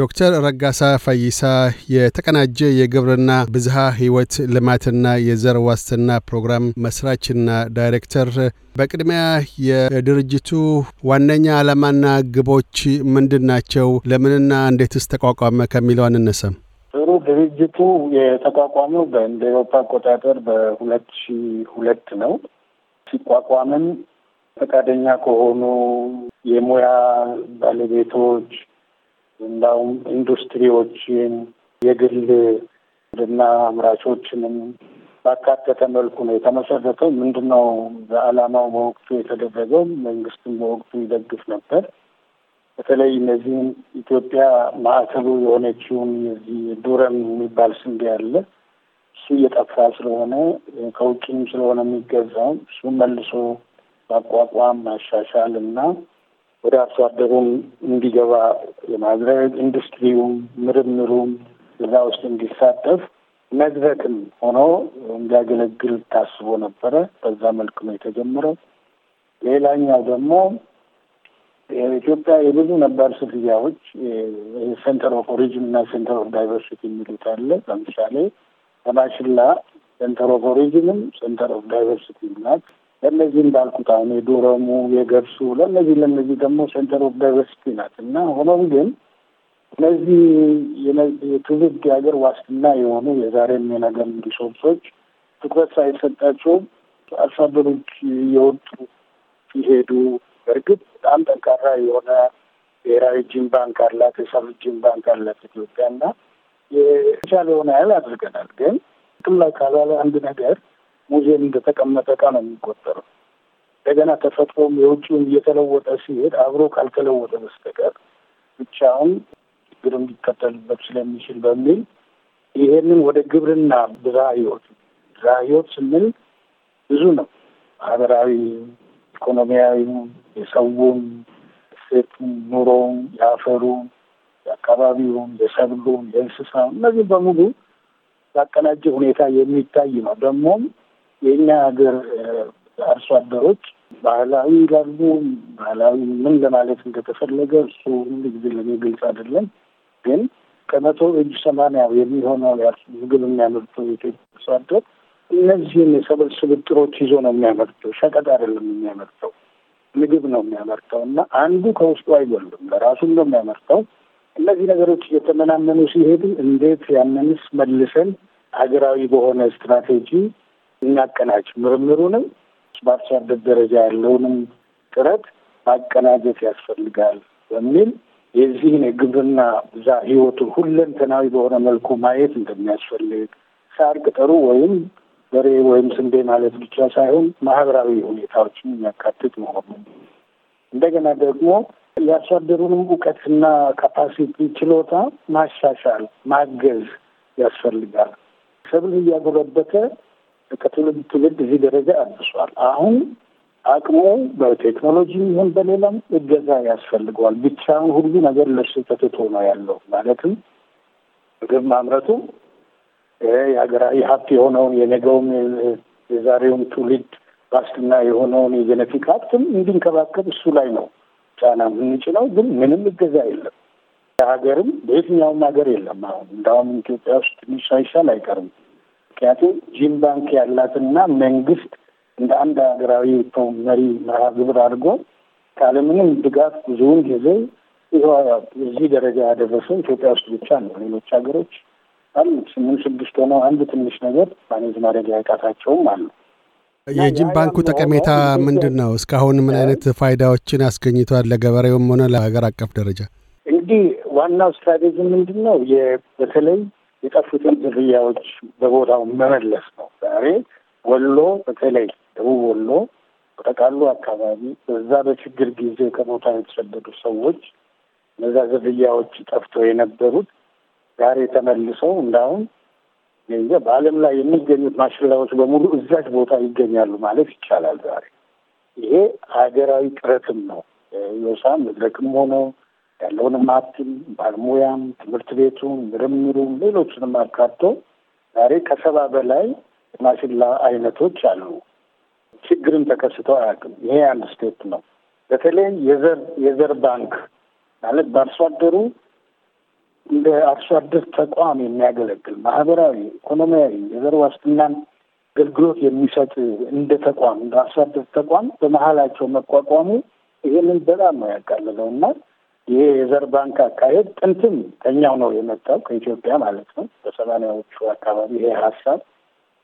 ዶክተር ረጋሳ ፈይሳ የተቀናጀ የግብርና ብዝሃ ህይወት ልማትና የዘር ዋስትና ፕሮግራም መስራችና ዳይሬክተር፣ በቅድሚያ የድርጅቱ ዋነኛ ዓላማና ግቦች ምንድን ናቸው? ለምንና እንዴትስ ተቋቋመ ከሚለው አንነሳም። ጥሩ። ድርጅቱ የተቋቋመው በእንደ ኤሮፓ አቆጣጠር በሁለት ሺ ሁለት ነው። ሲቋቋምም ፈቃደኛ ከሆኑ የሙያ ባለቤቶች እንዳውም ኢንዱስትሪዎችን የግል ና አምራቾችንም ባካተተ መልኩ ነው የተመሰረተው። ምንድነው በዓላማው በወቅቱ የተደረገው መንግስትም በወቅቱ ይደግፍ ነበር። በተለይ እነዚህም ኢትዮጵያ ማዕከሉ የሆነችውን የዚህ ዱረም የሚባል ስንዴ አለ። እሱ እየጠፋ ስለሆነ ከውጭም ስለሆነ የሚገዛው እሱ መልሶ ማቋቋም ማሻሻል እና ወደ አርሶ አደሩም እንዲገባ የማድረግ ኢንዱስትሪውም፣ ምርምሩም እዛ ውስጥ እንዲሳተፍ መድረክም ሆኖ እንዲያገለግል ታስቦ ነበረ። በዛ መልክ ነው የተጀመረው። ሌላኛው ደግሞ ኢትዮጵያ የብዙ ነባር ስፍያዎች ሴንተር ኦፍ ኦሪጂን እና ሴንተር ኦፍ ዳይቨርሲቲ የሚሉት አለ። ለምሳሌ በማሽላ ሴንተር ኦፍ ኦሪጂንም ሴንተር ኦፍ ዳይቨርሲቲ ናት። ለእነዚህ እንዳልኩት አሁን የዱረሙ የገብሱ ለእነዚህ ለእነዚህ ደግሞ ሴንተር ኦፍ ዳይቨርሲቲ ናት እና ሆኖም ግን እነዚህ የትውልድ የሀገር ዋስትና የሆኑ የዛሬም የነገም ሪሶርሶች ትኩረት ሳይሰጣቸውም አርሶ አደሮች እየወጡ ሲሄዱ እርግጥ በጣም ጠንካራ የሆነ ብሔራዊ ጅን ባንክ አላት፣ የሰብ ጅን ባንክ አላት ኢትዮጵያ እና የሆነ ያህል አድርገናል። ግን ጥቅም ላይ ካላለ አንድ ነገር ሙዚየም እንደተቀመጠ እቃ ነው የሚቆጠረው። እንደገና ተፈጥሮም የውጭውን እየተለወጠ ሲሄድ አብሮ ካልተለወጠ በስተቀር ብቻውን ችግር እንዲከተልበት ስለሚችል በሚል ይሄንን ወደ ግብርና ብዝሃ ህይወት ብዝሃ ህይወት ስንል ብዙ ነው። ማህበራዊ፣ ኢኮኖሚያዊ፣ የሰውን ሴት ኑሮውን፣ የአፈሩን፣ የአካባቢውን፣ የሰብሉን፣ የእንስሳውን እነዚህ በሙሉ ባቀናጀ ሁኔታ የሚታይ ነው። ደግሞም የእኛ ሀገር አርሶ አደሮች ባህላዊ ይላሉ። ባህላዊ ምን ለማለት እንደተፈለገ እሱ ሁሉ ጊዜ ለእኔ ግልጽ አይደለም። ግን ከመቶ እጅ ሰማንያው የሚሆነው ምግብ የሚያመርተው የኢትዮጵያ አርሶ አደር እነዚህን የሰብል ስብጥሮች ይዞ ነው የሚያመርተው። ሸቀጥ አይደለም የሚያመርተው፣ ምግብ ነው የሚያመርተው እና አንዱ ከውስጡ አይጎልም፣ ለራሱም ነው የሚያመርተው። እነዚህ ነገሮች እየተመናመኑ ሲሄዱ እንዴት ያንንስ መልሰን ሀገራዊ በሆነ ስትራቴጂ እናቀናጅ። ምርምሩንም በአርሶ አደር ደረጃ ያለውንም ጥረት ማቀናጀት ያስፈልጋል በሚል የዚህን የግብርና ብዛ ህይወቱን ሁለንተናዊ በሆነ መልኩ ማየት እንደሚያስፈልግ ሳር ቅጠሩ ወይም በሬ ወይም ስንዴ ማለት ብቻ ሳይሆን ማህበራዊ ሁኔታዎችን የሚያካትት መሆኑ እንደገና ደግሞ ያሳደሩንም እውቀትና ካፓሲቲ ችሎታ ማሻሻል ማገዝ ያስፈልጋል። ሰብል እያጎረበተ። ከትውልድ ትውልድ እዚህ ደረጃ አድርሷል። አሁን አቅሙ በቴክኖሎጂ ይሁን በሌላም እገዛ ያስፈልገዋል። ብቻውን ሁሉ ነገር ለእርሱ ተትቶ ነው ያለው። ማለትም ምግብ ማምረቱ የሀብት የሆነውን የነገውን የዛሬውም ትውልድ ዋስትና የሆነውን የጀነቲክ ሀብትም እንዲንከባከብ እሱ ላይ ነው ጫና የምንጭነው። ግን ምንም እገዛ የለም። ሀገርም በየትኛውም ሀገር የለም። አሁን እንዳውም ኢትዮጵያ ውስጥ ትንሽ ሳይሻል አይቀርም። ምክንያቱም ጂም ባንክ ያላትና መንግስት እንደ አንድ ሀገራዊ መሪ መርሃ ግብር አድርጎ ካለምንም ድጋፍ ብዙውን ጊዜ እዚህ ደረጃ ያደረሰው ኢትዮጵያ ውስጥ ብቻ ነው። ሌሎች ሀገሮች አሉ ስምንት ስድስት ሆነው አንድ ትንሽ ነገር ማኔጅ ማድረግ ያቃታቸውም አሉ። የጅም ባንኩ ጠቀሜታ ምንድን ነው? እስካሁን ምን አይነት ፋይዳዎችን አስገኝቷል? ለገበሬውም ሆነ ለሀገር አቀፍ ደረጃ እንግዲህ ዋናው ስትራቴጂ ምንድን ነው? በተለይ የጠፉትን ዝርያዎች በቦታው መመለስ ነው። ዛሬ ወሎ በተለይ ደቡብ ወሎ በጠቃሉ አካባቢ በዛ በችግር ጊዜ ከቦታ የተሰደዱ ሰዎች እነዛ ዝርያዎች ጠፍተው የነበሩት ዛሬ ተመልሰው እንዳሁን በዓለም ላይ የሚገኙት ማሽላዎች በሙሉ እዛች ቦታ ይገኛሉ ማለት ይቻላል። ዛሬ ይሄ ሀገራዊ ጥረትም ነው። ዮሳ መድረክም ሆነው። ያለውንም ሀብትም ባለሙያም ትምህርት ቤቱም ምርምሩም ሌሎቹንም አካቶ ዛሬ ከሰባ በላይ የማሽላ አይነቶች አሉ። ችግርም ተከስቶ አያውቅም። ይሄ አንድ ስቴት ነው። በተለይ የዘር የዘር ባንክ ማለት በአርሶ አደሩ እንደ አርሶ አደር ተቋም የሚያገለግል ማህበራዊ፣ ኢኮኖሚያዊ የዘር ዋስትናን አገልግሎት የሚሰጥ እንደ ተቋም እንደ አርሶ አደር ተቋም በመሀላቸው መቋቋሙ ይህንን በጣም ነው ያቃልለው እና ይሄ የዘር ባንክ አካሄድ ጥንትም ከኛው ነው የመጣው ከኢትዮጵያ ማለት ነው። በሰማኒያዎቹ አካባቢ ይሄ ሀሳብ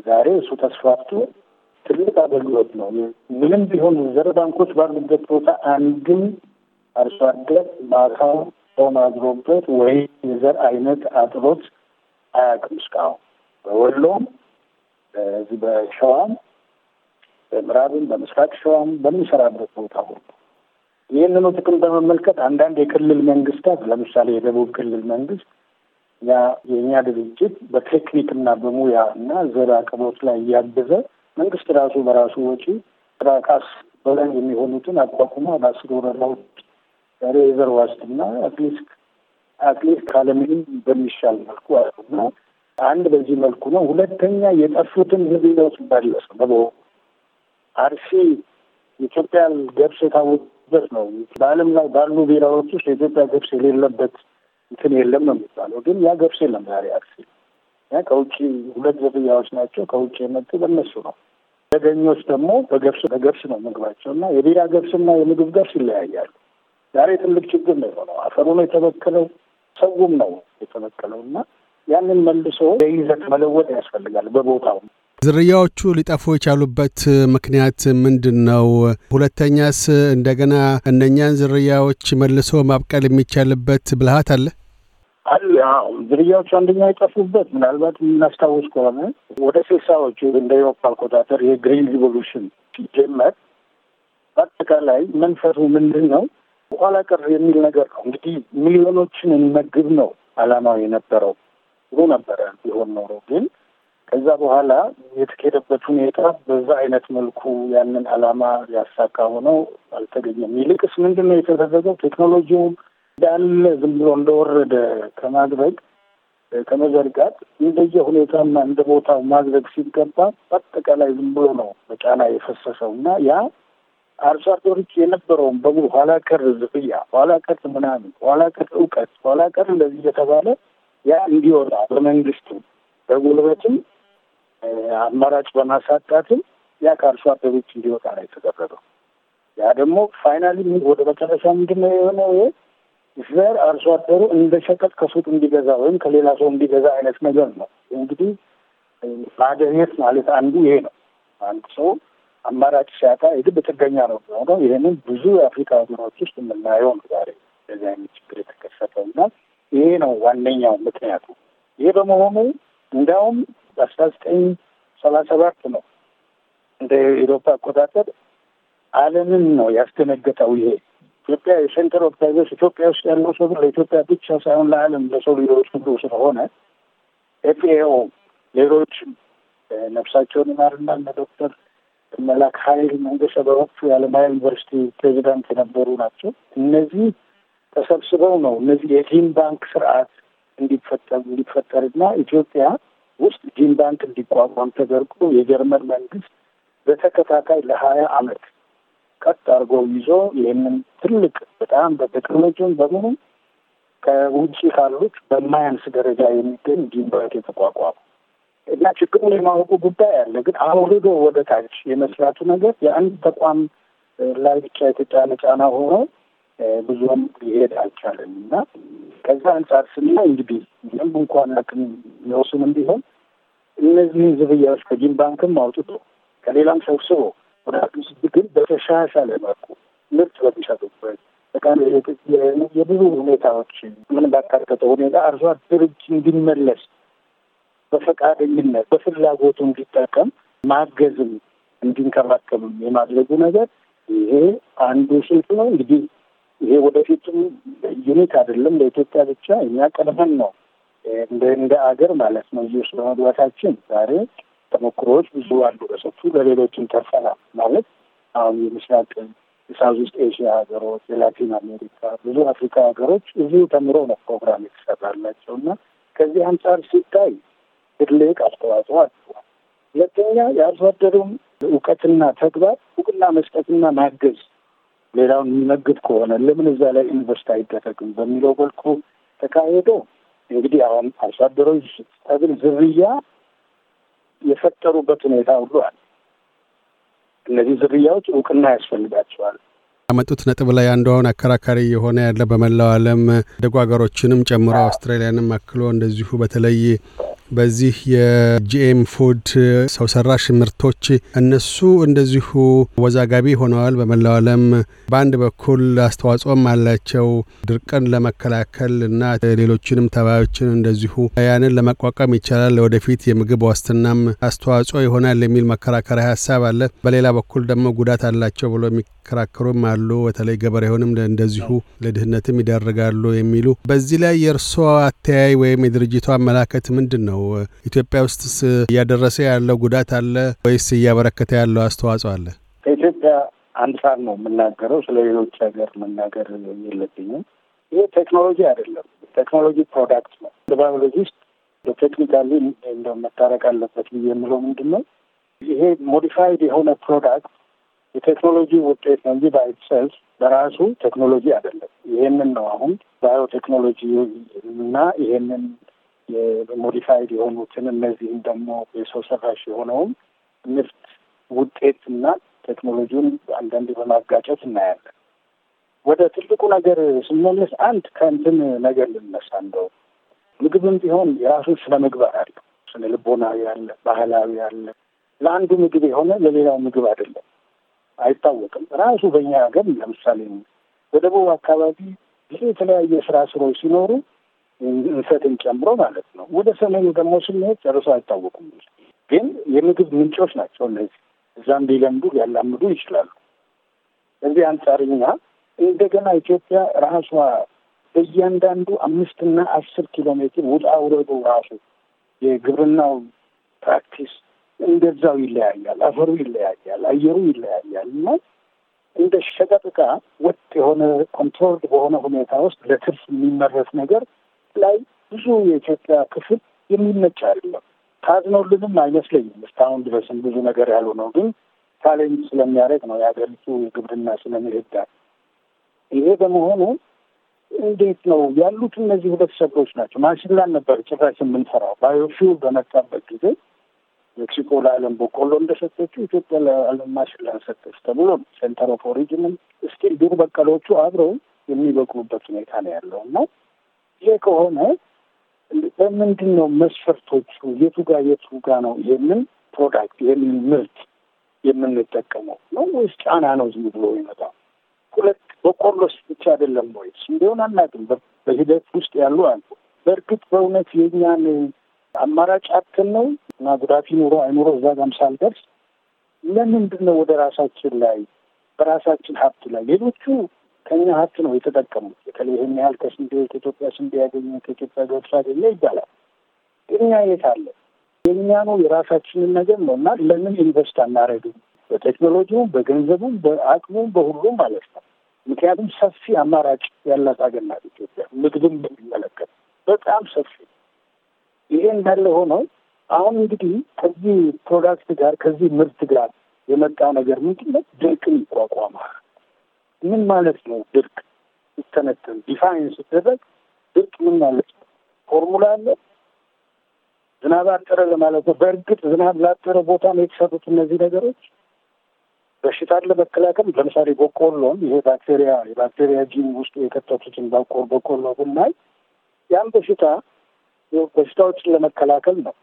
ዛሬ እሱ ተስፋፍቶ ትልቅ አገልግሎት ነው። ምንም ቢሆን ዘር ባንኮች ባሉበት ቦታ አንድም አርሶ አደር ማሳ ሆም አድሮበት ወይም የዘር አይነት አጥሮት አያውቅም እስካሁን በወሎም በዚህ በሸዋም በምዕራብም በምስራቅ ሸዋም በምንሰራበት ቦታ ሁሉ ይህንኑ ጥቅም በመመልከት አንዳንድ የክልል መንግስታት ለምሳሌ የደቡብ ክልል መንግስት ያ የእኛ ድርጅት በቴክኒክና በሙያ እና ዘር አቅርቦት ላይ እያገዘ መንግስት ራሱ በራሱ ወጪ ራቃስ በላይ የሚሆኑትን አቋቁሞ በአስር ወረዳዎች ዛሬ የዘር ዋስትና አትሊስት አትሊስት ካለምንም በሚሻል መልኩ አና አንድ በዚህ መልኩ ነው። ሁለተኛ የጠፉትን ህብ ይለውስ ይወስዳለስ በበ አርሲ ኢትዮጵያን ገብስ የታወቁ በት ነው። በዓለም ላይ ባሉ ቢራዎች ውስጥ የኢትዮጵያ ገብስ የሌለበት እንትን የለም ነው የሚባለው። ግን ያ ገብስ የለም ዛሬ አክሲ ከውጭ ሁለት ዝርያዎች ናቸው ከውጭ የመጡ በነሱ ነው። ደገኞች ደግሞ በገብስ በገብስ ነው ምግባቸው እና የቢራ ገብስና የምግብ ገብስ ይለያያሉ። ዛሬ ትልቅ ችግር ነው የሆነው። አፈሩ ነው የተበከለው፣ ሰውም ነው የተበከለው እና ያንን መልሶ ይዘት መለወጥ ያስፈልጋል በቦታው። ዝርያዎቹ ሊጠፉ የቻሉበት ምክንያት ምንድን ነው? ሁለተኛስ እንደገና እነኛን ዝርያዎች መልሶ ማብቀል የሚቻልበት ብልሃት አለ አለ። ዝርያዎቹ አንደኛ የጠፉበት ምናልባት የምናስታውስ ከሆነ ወደ ስልሳዎቹ እንደ ኤሮፓ አቆጣጠር የግሪን ሪቮሉሽን ሲጀመር በአጠቃላይ መንፈሱ ምንድን ነው? ኋላ ቀር የሚል ነገር ነው። እንግዲህ ሚሊዮኖችን እንመግብ ነው አላማው የነበረው ጥሩ ነበረ ቢሆን ኖሮ ግን ከዛ በኋላ የተካሄደበት ሁኔታ በዛ አይነት መልኩ ያንን አላማ ያሳካ ሆነው አልተገኘም። ይልቅስ ምንድን ነው የተደረገው? ቴክኖሎጂውም እንዳለ ዝም ብሎ እንደወረደ ከማድረግ ከመዘርጋት እንደየ ሁኔታና እንደ ቦታው ማድረግ ሲገባ በአጠቃላይ ዝም ብሎ ነው በጫና የፈሰሰው እና ያ አርሶ አደሮች የነበረውን በሙሉ ኋላ ቀር ዝፍያ፣ ኋላ ቀር ምናምን፣ ኋላ ቀር እውቀት፣ ኋላ ቀር እንደዚህ እየተባለ ያ እንዲወጣ በመንግስቱ በጉልበትም አማራጭ በማሳጣትም ያ ከአርሶ አደሮች እንዲወጣ ነው የተደረገው። ያ ደግሞ ፋይናሊ ወደ መጨረሻ ምንድን ነው የሆነው? ዘር አርሶ አደሩ እንደ ሸቀጥ ከሱቅ እንዲገዛ ወይም ከሌላ ሰው እንዲገዛ አይነት ነገር ነው። እንግዲህ ማደኘት ማለት አንዱ ይሄ ነው። አንድ ሰው አማራጭ ሲያጣ ይህ ጥገኛ ነው የሚሆነው። ይህንን ብዙ የአፍሪካ ሀገሮች ውስጥ የምናየው ነው ዛሬ እንደዚህ አይነት ችግር የተከሰተው እና ይሄ ነው ዋነኛው ምክንያቱ። ይሄ በመሆኑ እንዲያውም በአስራ ዘጠኝ ሰባ ሰባት ነው እንደ ኤሮፓ አቆጣጠር ዓለምን ነው ያስደነገጠው ይሄ ኢትዮጵያ የሴንተር ኦፍ ታይዘርስ ኢትዮጵያ ውስጥ ያለው ሰው ለኢትዮጵያ ብቻ ሳይሆን ለዓለም ለሰው ልጆች ሁሉ ስለሆነ ኤፍኤኦ ሌሎች ነፍሳቸውን ይማርና እነ ዶክተር መላክ ኃይል መንገሻ በወቅቱ የዓለማያ ዩኒቨርሲቲ ፕሬዚዳንት የነበሩ ናቸው። እነዚህ ተሰብስበው ነው እነዚህ የጂን ባንክ ስርዓት እንዲፈጠር እንዲፈጠርና ኢትዮጵያ ውስጥ ጂን ባንክ እንዲቋቋም ተደርጎ የጀርመን መንግስት በተከታታይ ለሀያ አመት ቀጥ አድርጎ ይዞ ይህንን ትልቅ በጣም በቴክኖሎጂውን በሙሉ ከውጭ ካሉት በማያንስ ደረጃ የሚገኝ ጂን ባንክ የተቋቋመ እና ችግሩን የማወቁ ጉዳይ አለ። ግን አውርዶ ወደ ታች የመስራቱ ነገር የአንድ ተቋም ላይ ብቻ የተጫነ ጫና ሆኖ ብዙም ሊሄድ አልቻለም እና ከዛ አንጻር ስናይ እንግዲህ ደንብ እንኳን አቅም የወሱንም ቢሆን እነዚህን ዝርያዎች ከጂን ባንክም አውጥቶ ከሌላም ሰብስቦ ወደ አዲስ ግን በተሻሻለ መልኩ ምርት በሚሰጡበት በጣም የብዙ ሁኔታዎች ምን ባካተተ ሁኔታ አርሶ አደር እንዲመለስ በፈቃደኝነት በፍላጎቱ እንዲጠቀም ማገዝም እንዲንከባከብም የማድረጉ ነገር ይሄ አንዱ ስልት ነው እንግዲህ ይሄ ወደፊትም ዩኒክ አይደለም ለኢትዮጵያ ብቻ። እኛ ቀድመን ነው እንደ አገር ማለት ነው እየሱ በመግባታችን ዛሬ ተሞክሮዎች ብዙ አሉ በሰፊው ለሌሎችም ተርፈናል። ማለት አሁን የምስራቅ የሳውዝ ኢስት ኤሽያ ሀገሮች፣ የላቲን አሜሪካ ብዙ አፍሪካ ሀገሮች እዚሁ ተምሮ ነው ፕሮግራም የተሰራላቸው እና ከዚህ አንጻር ሲታይ ትልቅ አስተዋጽኦ አድርጓል። ሁለተኛ የአርሶ አደሩም እውቀትና ተግባር እውቅና መስጠትና ማገዝ ሌላውን የሚመግብ ከሆነ ለምን እዛ ላይ ኢንቨስት አይደረግም በሚለው መልኩ ተካሄዶ እንግዲህ አሁን አርሶ አደሮች ሰብል ዝርያ የፈጠሩበት ሁኔታ ሁሉ አለ። እነዚህ ዝርያዎች እውቅና ያስፈልጋቸዋል። ያመጡት ነጥብ ላይ አንዱ አሁን አከራካሪ የሆነ ያለ በመላው ዓለም ደጉ ሀገሮችንም ጨምሮ አውስትራሊያንም አክሎ እንደዚሁ በተለይ በዚህ የጂኤም ፉድ ሰው ሰራሽ ምርቶች እነሱ እንደዚሁ ወዛጋቢ ሆነዋል። በመላው ዓለም በአንድ በኩል አስተዋጽኦም አላቸው ድርቅን ለመከላከል እና ሌሎችንም ተባዮችን እንደዚሁ ያንን ለመቋቋም ይቻላል፣ ወደፊት የምግብ ዋስትናም አስተዋጽኦ ይሆናል የሚል መከራከሪያ ሀሳብ አለ። በሌላ በኩል ደግሞ ጉዳት አላቸው ብሎ የሚከራከሩም አሉ። በተለይ ገበሬውንም እንደዚሁ ለድህነትም ይዳርጋሉ የሚሉ በዚህ ላይ የእርስ አተያይ ወይም የድርጅቱ አመላከት ምንድን ነው? ነው? ኢትዮጵያ ውስጥስ እያደረሰ ያለው ጉዳት አለ ወይስ እያበረከተ ያለው አስተዋጽኦ አለ? ከኢትዮጵያ አንጻር ነው የምናገረው። ስለ ሌሎች ሀገር መናገር የለብኝም። ይህ ቴክኖሎጂ አይደለም፣ ቴክኖሎጂ ፕሮዳክት ነው። ለባዮሎጂስት በቴክኒካሊ እንደው መታረቅ አለበት ብዬ የምለው ምንድን ነው ይሄ ሞዲፋይድ የሆነ ፕሮዳክት የቴክኖሎጂ ውጤት ነው እንጂ ባይሰልፍ በራሱ ቴክኖሎጂ አይደለም። ይሄንን ነው አሁን ባዮቴክኖሎጂ እና ይሄንን ሞዲፋይድ የሆኑትን እነዚህም ደግሞ የሰው ሰራሽ የሆነውን ምርት እና ቴክኖሎጂውን አንዳንድ በማጋጨት እናያለን። ወደ ትልቁ ነገር ስንመለስ አንድ ከእንትን ነገር ልነሳ። እንደው ምግብም ቢሆን የራሱ ስነ ምግባር አለ፣ ስነ ልቦናዊ አለ፣ ባህላዊ አለ። ለአንዱ ምግብ የሆነ ለሌላው ምግብ አይደለም፣ አይታወቅም። ራሱ በኛ ሀገር ለምሳሌ ወደ ደቡብ አካባቢ ብዙ የተለያየ ስራ ስሮች ሲኖሩ እንሰትን ጨምሮ ማለት ነው። ወደ ሰሜኑ ደግሞ ስንሄድ ጨርሶ አይታወቁም፣ ግን የምግብ ምንጮች ናቸው እነዚህ። እዛም ሊለምዱ ሊያላምዱ ይችላሉ። ከዚህ አንጻር እኛ እንደገና ኢትዮጵያ ራሷ በእያንዳንዱ አምስትና አስር ኪሎ ሜትር ውጣ ውረዱ ራሱ የግብርናው ፕራክቲስ እንደዛው ይለያያል። አፈሩ ይለያያል፣ አየሩ ይለያያል እና እንደ ሸቀጥ ወጥ የሆነ ኮንትሮልድ በሆነ ሁኔታ ውስጥ ለትርፍ የሚመረት ነገር ላይ ብዙ የኢትዮጵያ ክፍል የሚመች አይደለም። ታዝነውልንም አይመስለኝም። እስካሁን ድረስም ብዙ ነገር ያሉ ነው። ግን ቻሌንጅ ስለሚያደርግ ነው የሀገሪቱ የግብርና ስለሚሄዳል። ይሄ በመሆኑ እንዴት ነው ያሉት እነዚህ ሁለት ሰብሎች ናቸው። ማሽላን ነበር ጭራሽ የምንሰራው ባዮፊውል በመጣበት ጊዜ ሜክሲኮ ለዓለም በቆሎ እንደሰጠችው ኢትዮጵያ ለዓለም ማሽላን ሰጠች ተብሎ ሴንተር ኦፍ ኦሪጅንም እስኪ ዱር በቀሎቹ አብረው የሚበቅሉበት ሁኔታ ነው ያለው እና ይሄ ከሆነ በምንድን ነው መስፈርቶቹ? የቱ ጋር የቱ ጋር ነው ይሄንን ፕሮዳክት ይሄንን ምርት የምንጠቀመው ነው ወይስ ጫና ነው ዝም ብሎ ይመጣው? ሁለት በቆሎስ ብቻ አይደለም ወይ እንዲሆን አናውቅም። በሂደት ውስጥ ያሉ አሉ። በእርግጥ በእውነት የእኛን አማራጭ አትን ነው እና ጉዳፊ ኑሮ አይኑሮ እዛ ጋም ሳልደርስ ለምንድን ነው ወደ ራሳችን ላይ በራሳችን ሀብት ላይ ሌሎቹ ከኛ ሀብት ነው የተጠቀሙት። በተለይ ይህን ያህል ከስንዴ ከኢትዮጵያ ስንዴ ያገኘ ከኢትዮጵያ ገብስ አገኘ ይባላል። እኛ የት አለ? የእኛ ነው የራሳችንን ነገር ነው እና ለምን ኢንቨስት አናረግም? በቴክኖሎጂውም፣ በገንዘቡም፣ በአቅሙም በሁሉም ማለት ነው። ምክንያቱም ሰፊ አማራጭ ያላት ሀገር ናት ኢትዮጵያ። ምግብም በሚመለከት በጣም ሰፊ። ይሄ እንዳለ ሆነው አሁን እንግዲህ ከዚህ ፕሮዳክት ጋር ከዚህ ምርት ጋር የመጣ ነገር ምንድን ድርቅን ይቋቋማል ምን ማለት ነው? ድርቅ ሲተነተን ዲፋይን ሲደረግ ድርቅ ምን ማለት ነው? ፎርሙላ አለ? ዝናብ አጠረ ለማለት ነው። በእርግጥ ዝናብ ላጠረ ቦታ ነው የተሰሩት እነዚህ ነገሮች። በሽታን ለመከላከል ለምሳሌ በቆሎን ይሄ ባክቴሪያ የባክቴሪያ ጂን ውስጡ የከተቱትን በቆር በቆሎ ብናይ ያም በሽታ በሽታዎችን ለመከላከል ነው።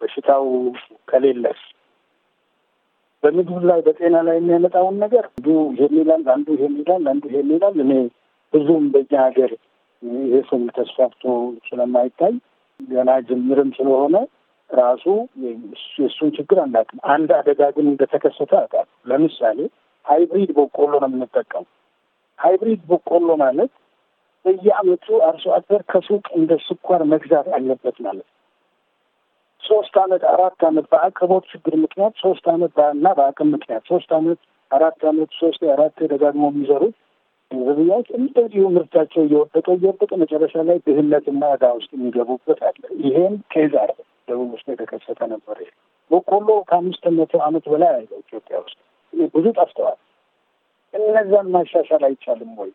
በሽታው ከሌለስ በምግብ ላይ በጤና ላይ የሚያመጣውን ነገር አንዱ ይሄን ይላል፣ አንዱ ይሄን ይላል፣ አንዱ ይሄን ይላል። እኔ ብዙም በኛ ሀገር ይሄ ስም ተስፋፍቶ ስለማይታይ ገና ጅምርም ስለሆነ ራሱ የእሱን ችግር አናውቅም። አንድ አደጋ ግን እንደተከሰተ አውቃለሁ። ለምሳሌ ሃይብሪድ በቆሎ ነው የምንጠቀሙ። ሃይብሪድ በቆሎ ማለት በየአመቱ አርሶ አደር ከሱቅ እንደ ስኳር መግዛት አለበት ማለት ነው። ሶስት አመት አራት አመት በአቅርቦት ችግር ምክንያት ሶስት አመት እና በአቅም ምክንያት ሶስት አመት አራት አመት ሶስት አራት ደጋግሞ የሚዘሩት ዝርያዎች እንደዚሁ ምርታቸው እየወደቀ እየወደቀ መጨረሻ ላይ ድህነትና እዳ ውስጥ የሚገቡበት አለ። ይሄም ኬዝ አለ ደቡብ ውስጥ የተከሰተ ነበር። በቆሎ ከአምስት መቶ አመት በላይ አለ ኢትዮጵያ ውስጥ ብዙ ጠፍተዋል። እነዛን ማሻሻል አይቻልም ወይ?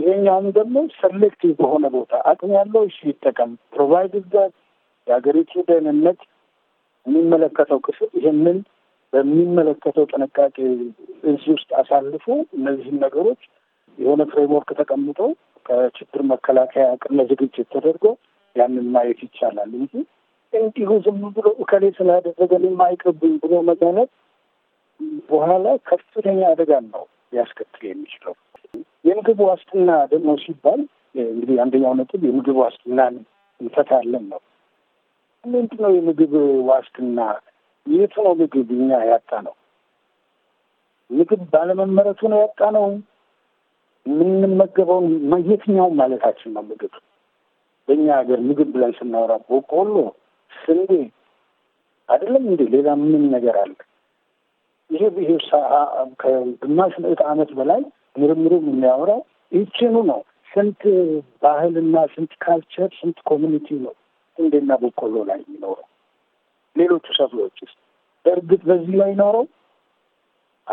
ይሄኛውም ደግሞ ሰሌክቲቭ በሆነ ቦታ አቅም ያለው እሺ ይጠቀም ፕሮቫይድ ዛት የሀገሪቱ ደህንነት የሚመለከተው ክፍል ይህንን በሚመለከተው ጥንቃቄ እዚህ ውስጥ አሳልፎ እነዚህን ነገሮች የሆነ ፍሬምወርክ ተቀምጦ ከችግር መከላከያ ቅድመ ዝግጅት ተደርጎ ያንን ማየት ይቻላል እንጂ እንዲሁ ዝም ብሎ እከሌ ስላደረገልኝ አይቅርብኝ ብሎ መዛነት በኋላ ከፍተኛ አደጋን ነው ሊያስከትል የሚችለው። የምግብ ዋስትና ደግሞ ሲባል እንግዲህ አንደኛው ነጥብ የምግብ ዋስትናን እንፈታለን ነው። ምንድን ነው የምግብ ዋስትና? የት ነው ምግብ እኛ ያጣ ነው? ምግብ ባለመመረቱ ነው ያጣ ነው? የምንመገበውን የትኛውን ማለታችን ነው? ምግብ በእኛ ሀገር ምግብ ብለን ስናወራ በቆሎ፣ ስንዴ አይደለም እንዴ? ሌላ ምን ነገር አለ? ይሄ ብሄር ከግማሽ ምዕት ዓመት በላይ ምርምሩ የሚያወራው ይችኑ ነው። ስንት ባህልና ስንት ካልቸር ስንት ኮሚኒቲ ነው ስንዴና በቆሎ ላይ የሚኖረው? ሌሎቹ ሰብሎች ውስጥ በእርግጥ በዚህ ላይ ኖረው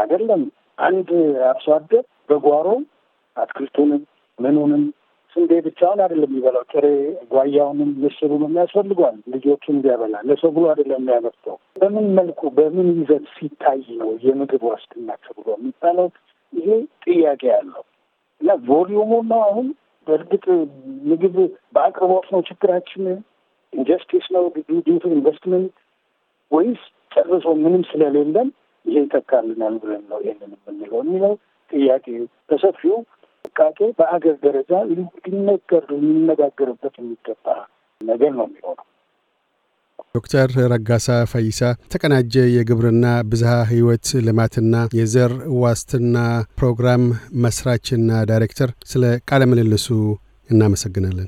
አይደለም። አንድ አርሶ አደር በጓሮ አትክልቱንም ምኑንም ስንዴ ብቻውን አይደለም የሚበላው። ጥሬ ጓያውንም ምስሩንም የሚያስፈልጓል ልጆቹ እንዲያበላ። ለሰብሉ አይደለም የሚያመርተው። በምን መልኩ በምን ይዘት ሲታይ ነው የምግብ ዋስትና ተብሎ የሚባለው? ይሄ ጥያቄ ያለው እና ቮሊዩሙ ነው። አሁን በእርግጥ ምግብ በአቅርቦት ነው ችግራችን ኢንጀስቲስ ነው ዲቱ ኢንቨስትመንት ወይስ ጨርሶ ምንም ስለሌለን ይሄ ይተካልናል ብለን ነው ይህንን የምንለው የሚለው ጥያቄ በሰፊው ጥንቃቄ በአገር ደረጃ ሊነገር ሊነጋገርበት የሚገባ ነገር ነው የሚሆነው። ዶክተር ረጋሳ ፈይሳ ተቀናጀ የግብርና ብዝሃ ህይወት ልማትና የዘር ዋስትና ፕሮግራም መስራችና ዳይሬክተር፣ ስለ ቃለ ምልልሱ እናመሰግናለን።